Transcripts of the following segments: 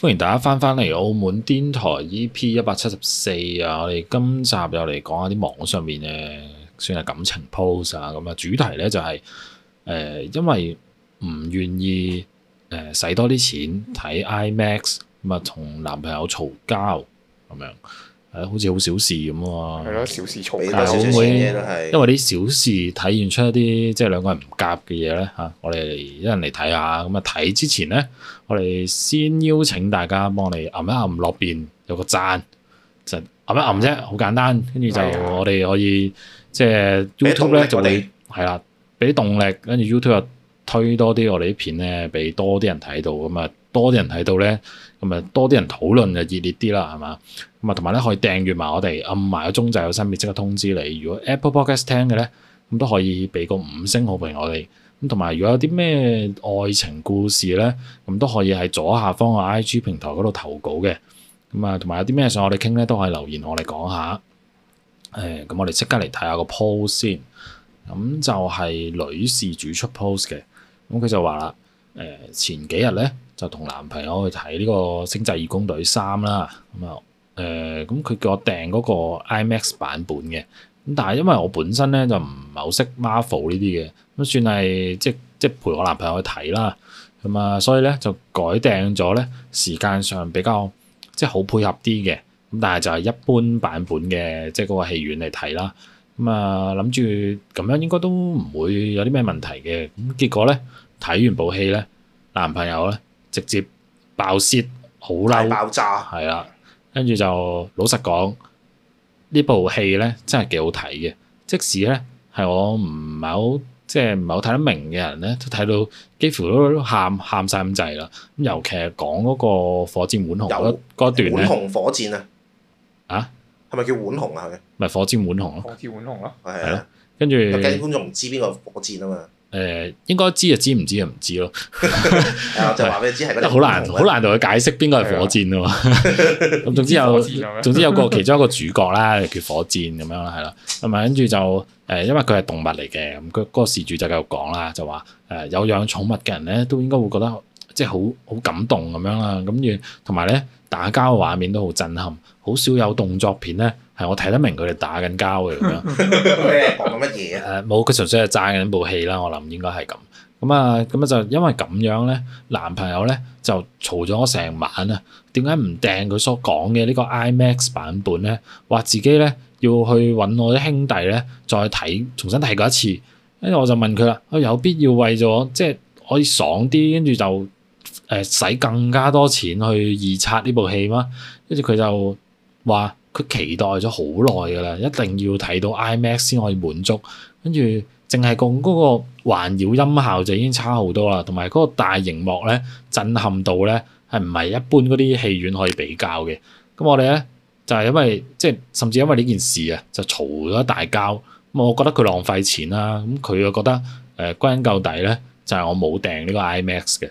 歡迎大家翻返嚟澳門癲台 E P 一百七十四啊！我哋今集又嚟講下啲網上面嘅，算係感情 post 啊咁啊！主題咧就係、是、誒、呃，因為唔願意誒使、呃、多啲錢睇 IMAX，咁啊同男朋友嘈交咁樣。好似好小事咁啊！係咯，小事嘈嘅，會唔會因為啲小事體現出一啲即係兩個人唔夾嘅嘢咧？嚇，我哋一人嚟睇下。咁啊，睇之前咧，我哋先邀請大家幫我哋按一按落邊有個讚，就按一按啫，好簡單。跟住就我哋可以的即係 YouTube 咧，就你，係啦，俾啲動力，跟住 YouTube。推多啲我哋啲片咧，俾多啲人睇到，咁啊多啲人睇到咧，咁啊多啲人討論就熱烈啲啦，係嘛？咁啊同埋咧可以訂閲埋我哋，暗埋個鐘就有新片即刻通知你。如果 Apple Podcast 聽嘅咧，咁都可以俾個五星好評我哋。咁同埋如果有啲咩愛情故事咧，咁都可以喺左下方嘅 IG 平台嗰度投稿嘅。咁啊同埋有啲咩想我哋傾咧，都可以留言我哋講下。誒，咁我哋即刻嚟睇下個 post 先。咁就係女事主出 post 嘅。咁佢就話啦，誒、呃、前幾日咧就同男朋友去睇呢個《星際異攻隊三》啦、啊，咁啊誒，咁佢叫我訂嗰個 IMAX 版本嘅，咁但係因為我本身咧就唔係好識 Marvel 呢啲嘅，咁算係即即陪我男朋友去睇啦，咁啊所以咧就改訂咗咧時間上比較即係好配合啲嘅，咁但係就係一般版本嘅即係嗰個戲院嚟睇啦。咁啊，諗住咁樣應該都唔會有啲咩問題嘅。咁結果咧，睇完部戲咧，男朋友咧直接爆泄好嬲爆炸。係啦。跟住就老實講，部呢部戲咧真係幾好睇嘅。即使咧係我唔係好即係唔係好睇得明嘅人咧，都睇到幾乎都喊喊晒咁滯啦。咁尤其係講嗰個火箭滿紅嗰嗰有段咧，滿紅火箭啊！啊？係咪叫浣熊，熊,熊啊？係咪火箭浣熊咯，火箭浣熊咯，係咯。跟住的，啲觀眾唔知邊個火箭啊嘛。誒，應該知就知，唔知就唔知咯。就話俾你知係。好 難，好 難同佢解釋邊個係火箭啊嘛。咁總之有，總之有個其中一個主角啦， 叫火箭咁樣啦，係啦。同埋跟住就誒，因為佢係動物嚟嘅，咁佢嗰個事主就繼續講啦，就話誒有養寵物嘅人咧，都應該會覺得即係好好感動咁樣啦。咁與同埋咧。打交嘅畫面都好震撼，好少有動作片咧係我睇得明佢哋打緊交嘅。講到乜嘢啊？冇、呃，佢純粹係讚緊部戲啦，我諗應該係咁。咁、嗯、啊，咁、嗯、啊就因為咁樣咧，男朋友咧就嘈咗我成晚啊。點解唔掟佢所講嘅呢個 IMAX 版本咧？話自己咧要去揾我啲兄弟咧再睇，重新睇過一次。跟住我就問佢啦、哦，有必要為咗即係可以爽啲，跟住就？誒使更加多錢去預測呢部戲嘛。跟住佢就話佢期待咗好耐㗎喇，一定要睇到 IMAX 先可以滿足。跟住淨係講嗰個環繞音效就已經差好多啦，同埋嗰個大熒幕咧，震撼度咧係唔係一般嗰啲戲院可以比較嘅。咁我哋咧就係因為即係甚至因為呢件事啊，就嘈咗一大交。咁我覺得佢浪費錢啦。咁佢又覺得誒歸根究底咧，就係我冇訂呢個 IMAX 嘅。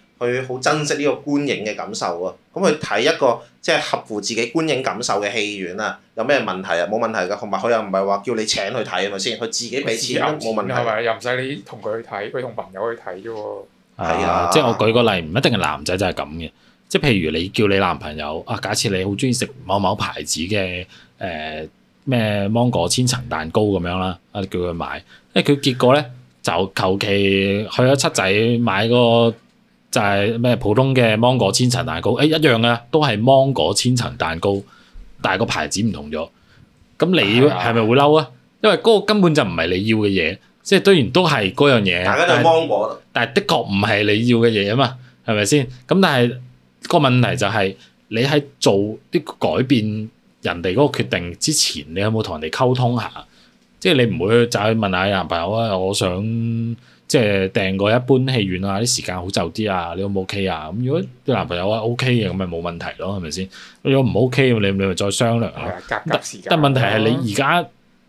佢好珍惜呢個觀影嘅感受啊。咁佢睇一個即係合乎自己觀影感受嘅戲院啊，有咩問題啊？冇問題嘅，同埋佢又唔係話叫你請佢睇啊嘛先，佢自己俾錢冇問題啊，係咪？又唔使你同佢去睇，佢同朋友去睇啫喎。係啊，即係我舉個例，唔一定係男仔就係咁嘅，即係譬如你叫你男朋友啊，假設你好中意食某某牌子嘅誒咩芒果千層蛋糕咁樣啦，啊叫佢買，誒、啊、佢結果咧就求其去咗七仔買個。就係咩普通嘅芒果千層蛋糕，誒、哎、一樣啊，都係芒果千層蛋糕，但係個牌子唔同咗。咁你係咪會嬲啊？因為嗰個根本就唔係你要嘅嘢，即係雖然都係嗰樣嘢，大家都係芒果但，但係的確唔係你要嘅嘢啊嘛，係咪先？咁但係個問題就係你喺做啲改變人哋嗰個決定之前，你有冇同人哋溝通下？即係你唔會就去問下你男朋友啊，我想。即係訂個一般戲院啊，啲時間好就啲啊，你可唔 OK 啊？咁如果啲男朋友話 OK 嘅，咁咪冇問題咯，係咪先？如果唔 OK，你你咪再商量。急急但係問題係你而家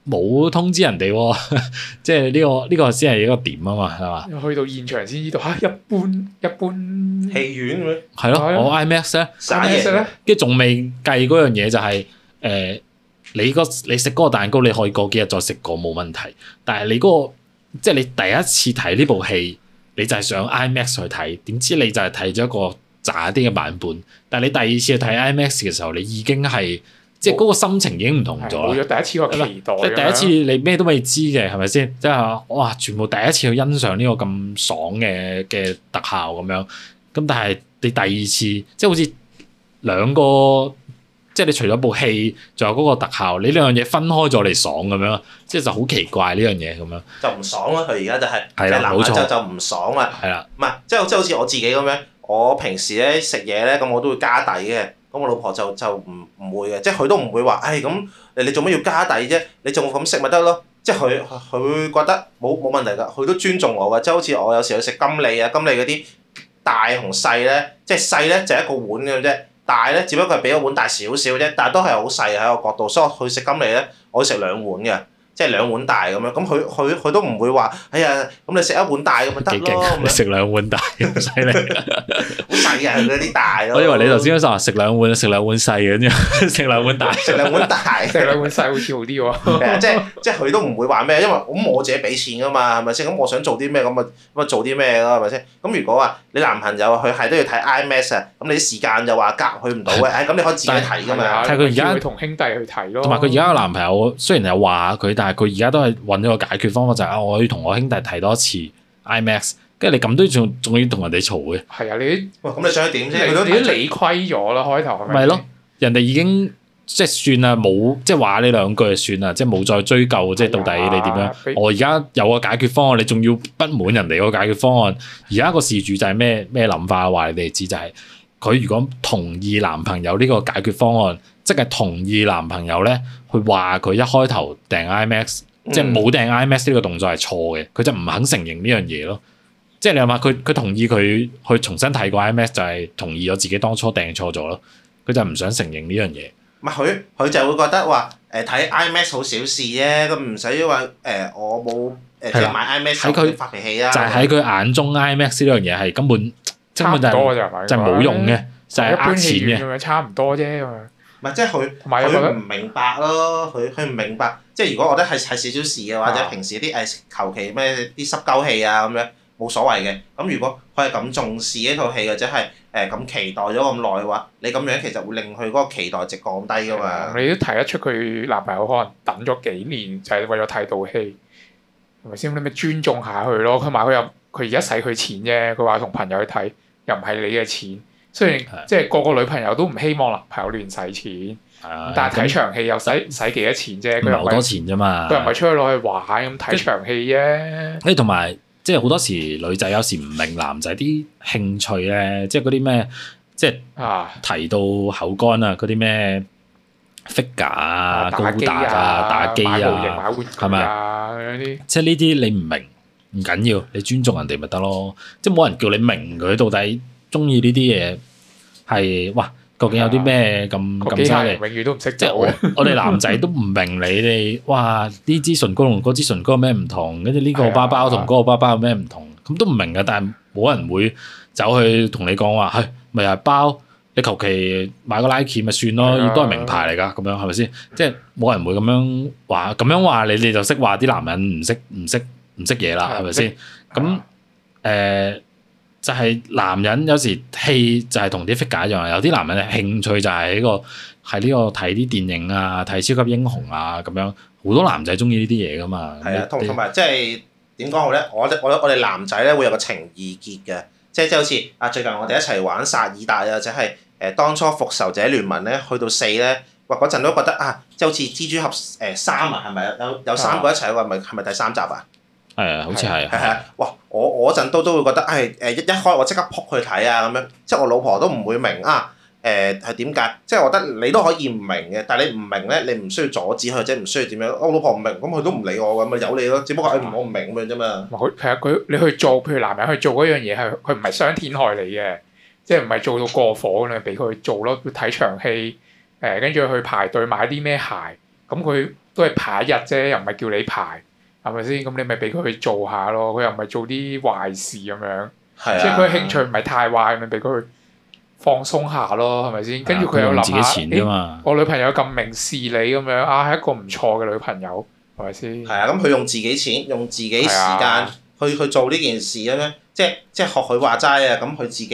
冇通知人哋，的 即係呢、呢個呢、呢個先係一個點啊嘛，係嘛？去到現場先知道，嚇一般一般戲院咁係咯，我 IMAX 咧，三 D 咧，跟住仲未計嗰樣嘢就係、是、誒、呃，你、嗰個、你食嗰個蛋糕，你可以過幾日再食過冇問題，但係你嗰、嗰個。即係你第一次睇呢部戲，你就係上 IMAX 去睇，點知你就係睇咗一個渣啲嘅版本。但係你第二次去睇 IMAX 嘅時候，你已經係即係嗰個心情已經唔同咗啦。冇咗第一次個期待，第一次即係第一次你咩都未知嘅，係咪先？即係哇，全部第一次去欣賞呢個咁爽嘅嘅特效咁樣。咁但係你第二次，即係好似兩個。即係你除咗部戲，仲有嗰個特效，呢兩樣嘢分開咗嚟爽咁樣，即係就好奇怪呢樣嘢咁樣，就唔爽咯。佢而家就係，係啦，冇錯就唔爽啦。係啦，唔係即係即係好似我自己咁樣，我平時咧食嘢咧咁，我都會加底嘅。咁我老婆就就唔唔會嘅，即係佢都唔會話，唉、哎、咁你做咩要加底啫？你仲咁食咪得咯？即係佢佢覺得冇冇問題㗎，佢都尊重我㗎。即係好似我有時去食金利啊、金利嗰啲大同細咧，即係細咧就一個碗嘅啫。大咧，只不過係比一碗大少少啫，但係都係好細喺我角度，所以我去食金利咧，我可以食兩碗嘅。即係兩碗大咁樣，咁佢佢佢都唔會話哎呀，咁你食一碗大咁咪得咯，食是兩碗大，好細啊嗰啲大的。 我以為你頭先嗰陣話食兩碗，食兩碗細咁樣，食 兩碗大，食 兩碗大，食兩碗細會跳啲喎。即係即係佢都唔會話咩，因為咁我自己俾錢噶嘛，係咪先？咁我想做啲咩咁啊，咁啊做啲咩咯係咪先？咁如果話你男朋友佢係都要睇 IMAX 啊，咁你啲時間就話夾佢唔到嘅，咁對你可以自己睇㗎嘛。睇佢而家同兄弟去睇咯。同埋佢而家個男朋友雖然有話佢，但係佢而家都係搵咗個解決方法，就係、是、啊，我要同我兄弟提多次 IMAX，跟住你咁都仲仲要同人哋嘈嘅。係啊，你哇，咁你想點啫？佢都理虧咗啦，開頭係咪？咪咯、 啊，人哋已經即係算啦，冇即係話你兩句就算啦，即係冇再追究，即係到底你點樣？哎、呀我而家有個解決方案，你仲要不滿人哋個解決方案？而家個事主就係咩咩諗法？話你哋知就係、是、佢如果同意男朋友呢個解決方案。即係同意男朋友咧，去話佢一開頭訂 IMAX，即係冇訂 IMAX 呢個動作係錯嘅，佢就唔肯承認呢樣嘢咯。即係你話嘛，佢佢同意佢去重新睇過 IMAX，就係同意咗自己當初訂錯咗咯。佢就唔想承認呢樣嘢。唔係佢佢就會覺得話誒睇、呃、IMAX 好小事啫，咁唔使話誒我冇誒即係買 IMAX。喺、呃、佢發脾氣啦、啊，就喺、係、佢眼中 IMAX 呢樣嘢係根本根本就咋、係，係嘛？就冇用嘅，就係嘥錢嘅，差唔多啫。唔係，即係佢唔明白咯，佢佢唔明白。即係如果我覺得係係少少事嘅話，或者、啊、平時啲誒求其咩啲濕鳩戲啊咁樣，冇所謂嘅。咁如果佢係咁重視呢套戲，或者係誒咁期待咗咁耐嘅話，你咁樣其實會令佢嗰個期待值降低噶嘛。嗯、你都睇得出佢男朋友可能等咗幾年就，就係為咗睇套戲，係咪先？你咪尊重下佢咯。佢買佢又佢而家使佢錢啫。佢話同朋友去睇，又唔係你嘅錢。雖然即係個個女朋友都唔希望男朋友亂使錢，但係睇場戲又使使幾多錢啫？佢好多錢啫嘛。都唔係出去落去玩咁睇場戲啫。誒，同埋即係好多時女仔有時唔明男仔啲興趣咧，即係嗰啲咩，即係啊提到口乾啊，嗰啲咩 figure 啊、高達啊、打機啊，係咪啊嗰啲？即係呢啲你唔明唔緊要，你尊重人哋咪得咯。即係冇人叫你明佢到底中意呢啲嘢。係哇，究竟有啲咩咁咁犀利？即係我哋、啊、 男仔都唔明你哋哇，呢支唇膏同嗰支唇膏有咩唔同？跟住呢個包包同嗰個包包有咩唔同？咁都唔明嘅，但係冇人會走去同你講話，係咪啊包？你求其買個 Nike 咪算咯，啊、都係名牌嚟噶，咁樣係咪先？啊、即係冇人會咁樣話，咁樣話你哋就識話啲男人唔識唔識唔識嘢啦，係咪先？咁誒、啊。就係男人有時戲就係同啲 figure 一樣，有啲男人咧興趣就係呢個係呢個睇啲電影啊，睇超級英雄啊咁樣，好多男仔鍾意呢啲嘢㗎嘛。係啊，同埋即係點講好咧？我我我哋男仔咧會有個情意結嘅，即即好似啊最近我哋一齊玩薩爾達，或者係誒當初復仇者聯盟咧去到四咧，哇嗰陣都覺得啊，即好似蜘蛛俠誒三啊，係咪有有三個一齊？哇，係咪係咪第三集啊？係啊，好似係係哇！我我嗰陣都都會覺得，誒誒一一開我即刻撲去睇啊咁樣，即係我老婆都唔會明啊，誒係點解？即係我覺得你都可以唔明嘅，但係你唔明咧，你唔需要阻止佢，即係唔需要點樣。我老婆唔明，咁佢都唔理我咁咪由你咯，只不過誒我唔明咁樣啫嘛。佢其實佢你去做，譬如男人去做嗰樣嘢係佢唔係傷天害理嘅，即係唔係做到過火咁樣俾佢去做咯，佢睇場戲，誒跟住去排隊買啲咩鞋，咁佢都係排一日啫，又唔係叫你排。係咪先？咁你咪俾佢去做下咯，佢又唔係做啲壞事咁樣，啊、即係佢興趣唔係太壞，咪樣俾佢去放鬆下咯，係咪先？自己錢嘛，跟住佢又諗下、欸，我女朋友咁明事理咁樣，啊係一個唔錯嘅女朋友，係咪先？係啊，咁佢用自己錢，用自己時間、啊、去去做呢件事咁樣，即係即係學佢話齋啊，咁佢自己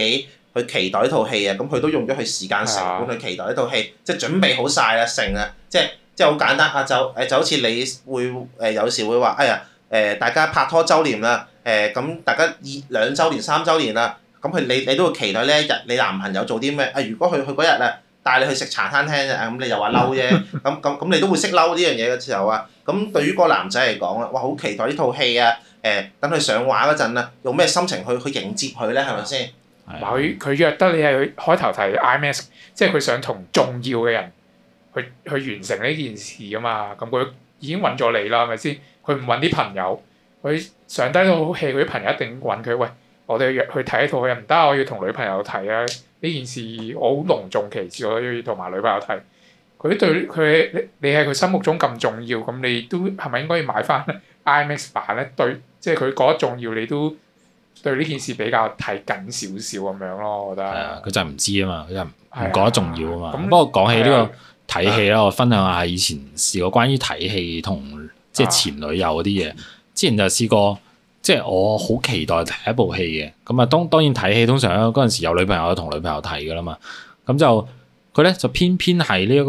去期待呢套戲啊，咁佢都用咗佢時間成本去期待呢套戲，即係準備好晒啊。成啦，即係。即係好簡單，阿就誒就好似你會誒、呃、有時會話，哎呀誒、呃、大家拍拖周年啦，誒、呃、咁大家二兩週年三週年啦，咁佢你你都會期待呢一日你男朋友做啲咩？啊如果佢佢嗰日啊帶你去食茶餐廳啫，咁、嗯、你又話嬲啫，咁咁咁你都會識嬲呢樣嘢嘅時候啊，咁、嗯、對於嗰個男仔嚟講啊，哇好期待呢套戲啊，誒等佢上畫嗰陣啊，用咩心情去去迎接佢咧？係咪先？佢佢、嗯、約得你係開頭提 IMAX 即係佢想同重要嘅人。去去完成呢件事啊嘛，咁佢已經揾咗你啦，係咪先？佢唔揾啲朋友，佢上低都好 h 佢啲朋友一定揾佢。喂，我哋去睇一套，又唔得，我要同女朋友睇啊！呢件事我好隆重其次，我要同埋女朋友睇。佢對佢你喺佢心目中咁重要，咁你都係咪應該要買翻 IMAX 版咧？對，即係佢講得重要，你都對呢件事比較睇緊少少咁樣咯。我覺得係啊，佢就係唔知啊嘛，佢就唔講得重要啊嘛。咁不過講起呢、這個。Uh, 睇戲啦，我分享下以前試過關於睇戲同即係前女友嗰啲嘢。之前就試過，即係我好期待睇一部戲嘅。咁啊，當當然睇戲通常咧，嗰陣時有女朋友同女朋友睇噶啦嘛。咁就佢咧就偏偏係呢一個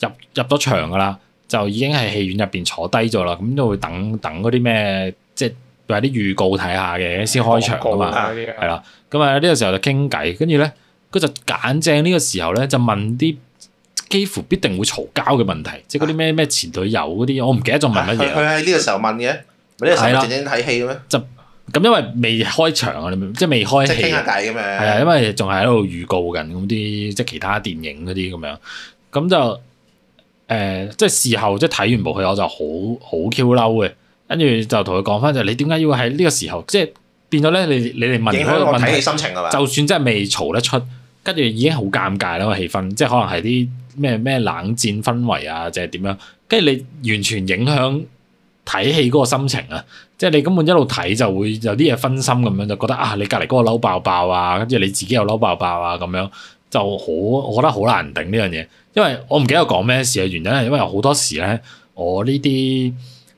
入入咗場噶啦，就已經係戲院入邊坐低咗啦。咁就會等等嗰啲咩，即係或者啲預告睇下嘅先開場噶嘛。係啦，咁啊呢個時候就傾偈，跟住咧佢就揀正呢個時候咧就問啲，幾乎必定會嘈交嘅問題，即係嗰啲咩咩前女友嗰啲，唉我唔記得仲問乜嘢。佢喺呢個時候問嘅，呢個時候正正睇戲嘅咩？就咁因為未開場啊，你即係未開戲。傾下偈嘅咩？係啊，因為仲係喺度預告緊咁啲，即係其他電影嗰啲咁樣。咁就誒、呃，即係事後，即係睇完部戲我就好好 Q 嬲嘅。跟住就同佢講翻就，你點解要喺呢個時候？即係變咗咧，你你哋問嗰個問題，影響我睇戲心情啊嘛。就算真係未嘈得出，跟住已經好尷尬啦個氣氛，即係可能係啲。咩咩冷戰氛圍啊，即係點樣？跟住你完全影響睇戲嗰個心情啊！即係你根本一路睇就會有啲嘢分心咁樣，就覺得啊，你隔離嗰個嬲爆爆啊，跟住你自己又嬲爆爆啊，咁樣就好，我覺得好難頂呢樣嘢。因為我唔記得講咩事嘅原因係因為好多時咧，我呢啲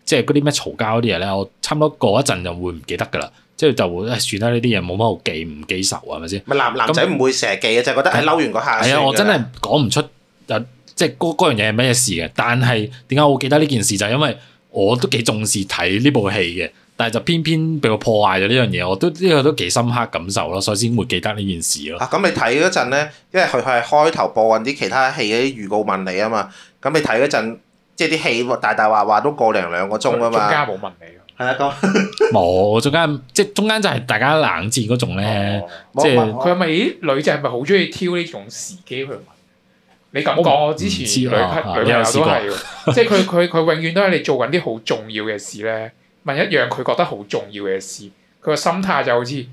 即係嗰啲咩嘈交啲嘢咧，我差唔多過一陣就會唔記得噶啦，即係就會算啦呢啲嘢冇乜好記，唔記仇啊，係咪先？男男仔唔會成日記啊，就係覺得係嬲完嗰下。係啊，我真係講唔出。就即係嗰樣嘢係咩事嘅？但係點解我記得呢件事？就係、因為我都幾重視睇呢部戲嘅，但係就偏偏畀我破壞咗呢樣嘢，我都呢、這個都幾深刻感受咯，所以先會記得呢件事咯。咁、啊、你睇嗰陣咧，因為佢係開頭播勻啲其他戲嘅預告問你啊嘛。咁你睇嗰陣，即係啲戲大大話話都個零兩個鐘啊嘛。中間冇問你㗎。係啊，咁冇 中間，即係中間就係大家冷戰嗰種咧。哦哦、即係佢係咪啲女仔係咪好中意挑呢種時機去你咁講，我,不我之前女匹、啊、女朋友都係，試 即係佢佢佢永遠都係你做緊啲好重要嘅事咧，問一樣佢覺得好重要嘅事，佢個心態就好似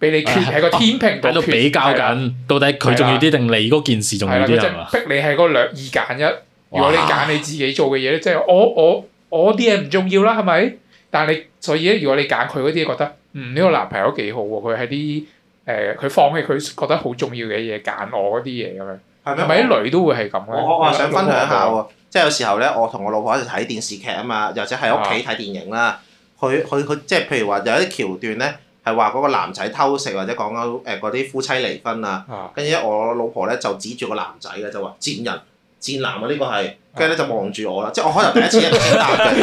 俾你決喺、啊、個天平度、啊、比較緊，的到底佢重要啲定的、啊、你嗰件事重要啲啊？就逼你係嗰兩二揀一，如果你揀你自己做嘅嘢即係我我我啲嘢唔重要啦，係咪？但係你所以咧，如果你揀佢嗰啲嘢，覺得嗯呢、呢個男朋友幾好喎，佢喺啲誒，佢、呃、放棄佢覺得好重要嘅嘢，揀我嗰啲嘢咁樣。係咪？咪啲女都會係咁嘅。我我想分享下喎，嗯嗯、即係有時候咧，我同我老婆一齊睇電視劇啊嘛，或者喺屋企睇電影啦。佢佢佢即係譬如話有一啲橋段咧，係話嗰個男仔偷食或者講緊誒嗰啲夫妻離婚啊。跟住咧，我老婆咧就指住個男仔嘅就話賤人、賤男啊！這個、呢個係跟住咧就望住我啦。啊、即係我可能第一次一睇，賤男，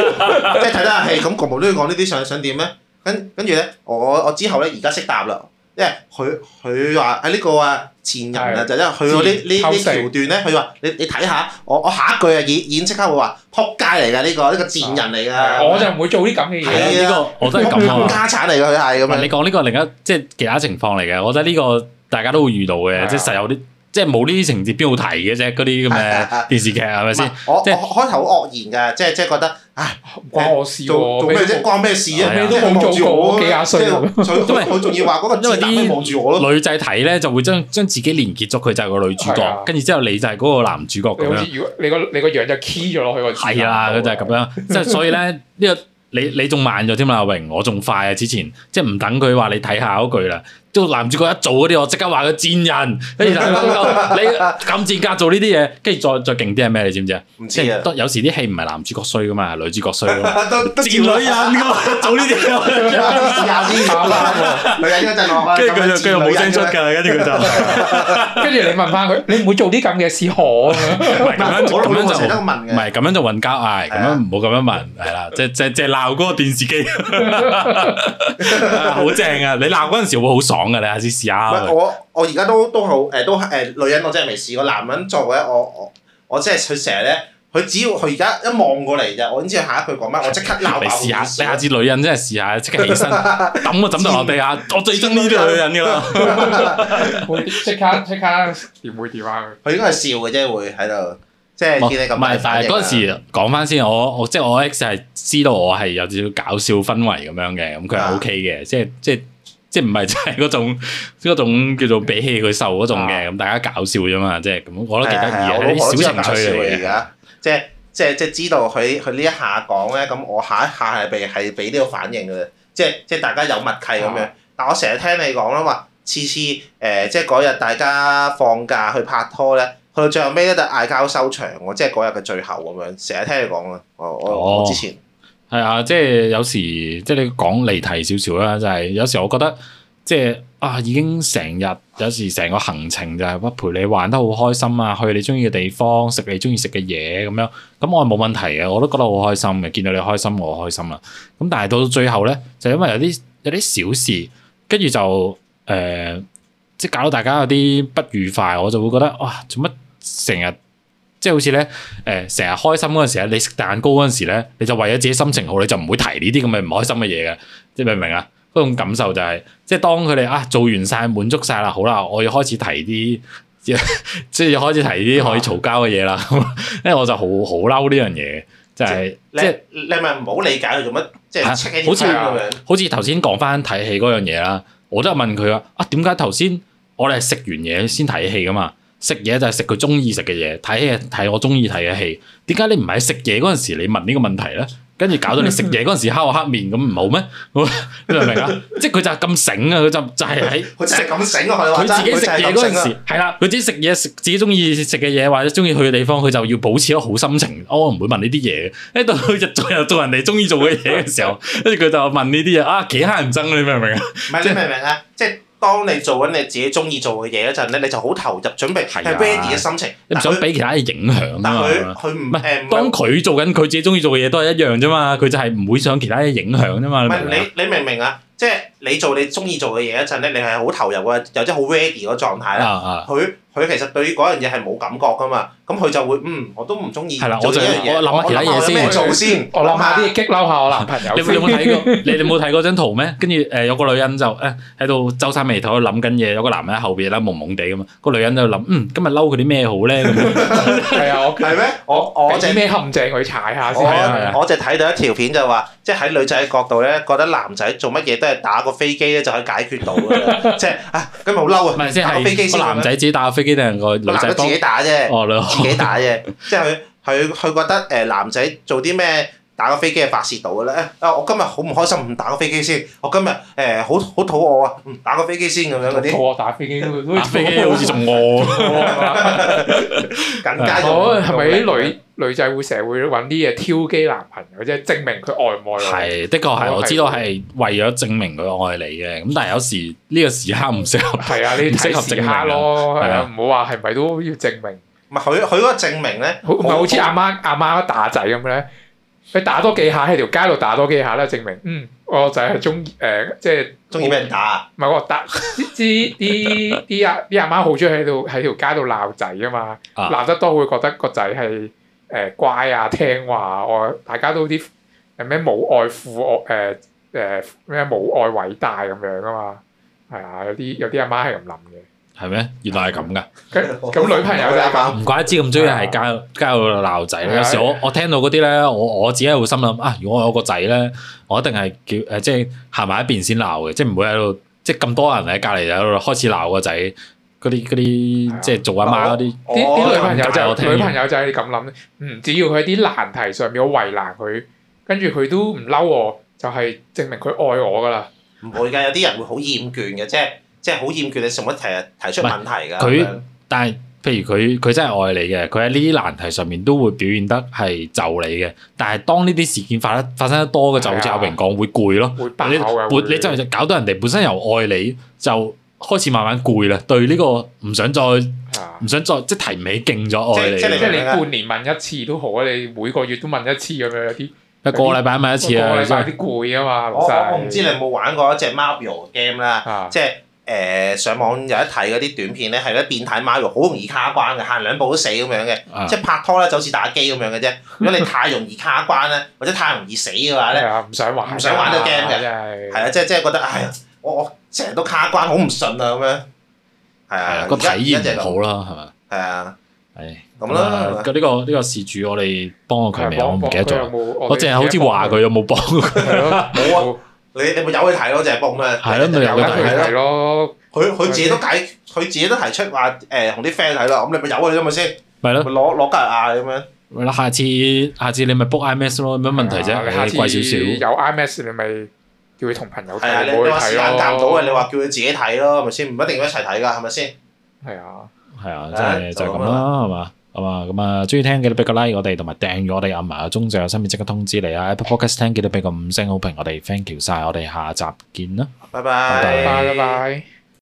即係睇得下戲咁，個個都要講呢啲，想想點咧？跟跟住咧，我我，我之後咧而家識答啦。現在現在即係佢佢話誒呢個啊賤人啊，就因為佢嗰啲呢啲橋段咧，佢話你你睇下，我我下一句啊，演演即刻會話撲街嚟㗎，呢個呢個賤人嚟㗎。我就唔會做啲咁嘅嘢。呢個我都係咁啊。家產嚟㗎，佢係咁啊。你講呢個另一即係其他情況嚟嘅，我覺得呢個大家都會遇到嘅，即係實有啲即係冇呢啲情節標題嘅啫，嗰啲咁嘅電視劇係咪先？我即係開頭好愕然㗎，即係即係覺得。啊！唔關我事喎、啊，做咩啫？關咩事啊？你都冇、啊、做過、啊，幾廿歲。所以因為好重要話嗰個重點，望住我女仔睇咧就會將將自己連結咗，佢就係個女主角。跟住之後，你就係嗰個男主角咁樣。如果你個你個樣就 key 咗落去個。係啦，佢就係咁樣。即係所以咧，呢個你你仲慢咗添啦，阿榮。我仲快啊！之前即係唔等佢話你睇下嗰句啦。男主角一做嗰啲我即刻話佢賤人，跟住就佢講，你咁賤格做呢啲嘢，跟住再再勁啲係咩？你知唔知啊？唔知啊！即有時啲戲唔係男主角衰噶嘛，女主角衰咯。賤女人呢個做呢啲啊，女人真係，跟住佢就跟住冇聲出噶，跟住佢就跟住你問翻佢，你唔會做啲咁嘅事可唔係咁樣做？咁樣就唔得問，唔係咁樣就搵交嗌，咁樣唔好咁樣問，係啦，即即即鬧嗰個電視機，好正啊！你鬧嗰陣時會好爽。講噶啦，試試下次試試、啊。唔係我，我而家都都好，誒、呃，都、呃、誒、呃，女人我真係未試過，男人作為咧，我我我真係佢成日咧，佢只要佢而家一望過嚟咋，我先知下一句講乜，我即刻鬧。你試下，試你下次女人真係試下，即刻起身，抌個枕頭落地下，我最憎呢啲女人噶啦。即刻即刻點會點翻？佢應該係笑嘅，啫，係會喺度，即係見你咁。唔係，但係嗰時講翻先，我我即係我 X 係、就是、知道我係有少少搞笑氛圍咁樣嘅，咁佢係 O K 嘅，即係即係。即係唔係就係嗰種嗰種叫做比氣佢受嗰種嘅，咁、啊、大家搞笑啫嘛，即係咁，我都幾得意嘅，哎、有小情趣嚟嘅。即係即係即係知道佢佢呢一下講咧，咁我下一下係被係俾呢個反應嘅啫。即係即係大家有默契咁樣。啊、但我成日聽你講啦，話次次誒、呃，即係嗰日大家放假去拍拖咧，去到最後尾都得嗌交收場喎。即係嗰日嘅最後咁樣。成日聽你講啊、我、哦、我，我之前。係啊，即係有時，即係你講離題少少啦，就係、是、有時我覺得，即係啊，已經成日有時成個行程就係乜，陪你玩得好開心啊，去你中意嘅地方，食你中意食嘅嘢咁樣，咁我係冇問題嘅，我都覺得好開心嘅，見到你開心我開心啦。咁但係到最後咧，就是、因為有啲有啲小事，跟住就誒、呃，即係搞到大家有啲不愉快，我就會覺得哇，做乜成日？即係好似咧，誒成日開心嗰陣時候，你食蛋糕嗰陣時咧，你就為咗自己心情好，你就唔會提呢啲咁嘅唔開心嘅嘢嘅，即係明唔明啊？嗰種感受就係、是，即係當佢哋啊做完晒、滿足晒啦，好啦，我要開始提啲，即係要開始提啲可以嘈交嘅嘢啦。因為、啊、我就好好嬲呢樣嘢，就係即係你咪唔好理解佢做乜，即係黐線咁樣。好似頭先講翻睇戲嗰樣嘢啦，我都係問佢啊，點解頭先我哋係食完嘢先睇戲噶嘛？食嘢就係食佢中意食嘅嘢，睇戲睇我中意睇嘅戲。點解你唔係喺食嘢嗰陣時你問呢個問題咧？跟住搞到你食嘢嗰陣時敲我黑面咁唔好咩？ 你明唔 明啊？即係佢就係咁醒啊！佢就就係喺佢就係咁醒啊！佢 自己食嘢嗰陣時係啦，佢 自己食嘢食自己中意食嘅嘢或者中意去嘅地方，佢 就要保持一個好心情，我唔會問呢啲嘢。一到佢日做又做人哋中意做嘅嘢嘅時候，跟住佢就問呢啲嘢啊，幾乞人憎，你明唔明啊？唔係 你明唔明啊？即 係說。 當你做緊你自己中意做嘅嘢嗰陣咧，你就好投入，準備係 ready 嘅心情，你唔想俾其他嘢影響啊嘛。但佢佢唔誒，當佢做緊佢自己中意做嘅嘢都係一樣啫嘛，佢就係唔會想其他嘢影響啫嘛、嗯。你你明唔明啊？即係。你做你中意做嘅嘢一陣咧，你係好投入啊，有啲好 ready 個狀態啦。佢佢其實對於嗰樣嘢係冇感覺㗎嘛，咁佢就會，嗯，我都唔中意做呢，我諗下其他嘢做先。我諗下啲激嬲下我男朋友。你有冇睇過你哋冇睇過張圖咩？跟住誒有個女人就誒喺度皺埋眉頭諗緊嘢，有個男人喺後邊啦，懵懵地咁啊。個女人就諗，嗯，今日嬲佢啲咩好咧？係啊，係咩？我我整咩陷阱去踩下先？我我就睇到一條片就話，即係喺女仔嘅角度咧，覺得男仔做乜嘢都係打。飛機咧就可以解決到嘅，即係啊，今日好嬲啊！打個飛機先，男仔自己打個飛機定係個女仔？個男仔自己打啫，哦，自己打啫，即係佢佢佢覺得誒，男仔做啲咩打個飛機係發洩到嘅啦？啊，我今日好唔開心，唔打個飛機先。我今日誒，好好肚餓啊，打個飛機先咁樣嗰啲。打飛機，打飛機好似仲餓，更加餓。係咪女？女仔會成日會揾啲嘢挑機，男朋友即係，證明佢愛唔愛你。係，的確係，我知道係為咗證明佢愛你嘅。咁但係有時呢個時刻唔適合，係啊，你睇時刻咯。係啊，唔好話係咪都要證明。唔係佢佢嗰個證明咧，唔係好似阿媽阿媽打仔咁咧，佢打多幾下喺條街度打多幾下啦，證明嗯，我個仔係中意誒，即係中意俾人打啊。唔係我得，啲啲阿啲阿媽好中意喺度喺條街度鬧仔㗎嘛，鬧得多會覺得個仔係。誒乖啊，聽話啊，大家都啲誒咩母愛父愛誒誒咩母愛偉大咁樣啊嘛，係啊，有啲有啲阿媽係咁諗嘅。係咩？原來係咁㗎。咁女朋友就阿爸，唔怪得之咁中意喺街街度鬧仔。有時我、啊、我聽到嗰啲咧，我我自己會心諗啊，如果我有個仔咧，我一定係叫誒即係行埋一邊先鬧嘅，即係唔會喺度即係咁多人喺隔離就喺度開始鬧個仔。嗰啲嗰啲即係做阿媽嗰啲，啲女朋友就女朋友就係咁諗咧。嗯，只要佢喺啲難題上面好為難佢，跟住佢都唔嬲我，就係證明佢愛我噶啦。唔會噶，有啲人會好厭倦嘅，即係即係好厭倦你成日提出問題噶。佢但係，譬如佢佢真係愛你嘅，佢喺呢啲難題上面都會表現得係就你嘅。但係當呢啲事件發得發生得多嘅，就好似阿榮講，會攰咯。你你就搞到人哋本身又愛你就。開始慢慢攰啦，對呢個唔想再唔想再即提唔起勁咗，愛你即即你半年問一次都好啊，你每個月都問一次咁樣，有啲一個禮拜問一次一個禮拜有啲攰啊嘛。我唔知你有冇玩過一隻貓遊 game 啦，即誒上網有得睇嗰啲短片咧，係嗰啲變態貓遊好容易卡關嘅，行兩步都死咁樣嘅，即拍拖咧就好似打機咁樣嘅啫。如果你太容易卡關咧，或者太容易死嘅話咧，唔想玩唔想玩呢 game 嘅，係啊，即即覺得唉，我我。成日都卡關，好唔順啊咁樣，係啊，個體驗唔好啦，係咪？係啊，唉，咁咯。個呢個呢個事主，我哋幫過佢未？我唔記得咗，我淨係好似話佢有冇幫。冇啊，你你咪有去睇咯，淨係 book 係咯，咪有去睇咯。佢自己都解，佢自己都提出話誒同啲 friend 睇咯，咁你咪有佢啫，咪先。係咯。咪攞攞膠啊咁樣。啦，下次下次你咪 book IMAX 咯，乜問題啫？你貴少少。有 IMAX 你咪。叫佢同朋友睇，下的，你時間夾唔到嘅，你話叫佢自己睇咯，係咪先？唔一定要一齊睇噶，係咪先？係啊，係啊，真係就咁啦，係嘛？咁啊，咁啊，中意聽記得俾個 like 我哋，同埋訂咗我哋撳埋個鐘就有新片即刻通知你啊！Apple Podcast 聽記得俾個五星好評， 我哋 thank you 晒，我哋下集見啦，bye bye 拜拜，拜拜，拜拜。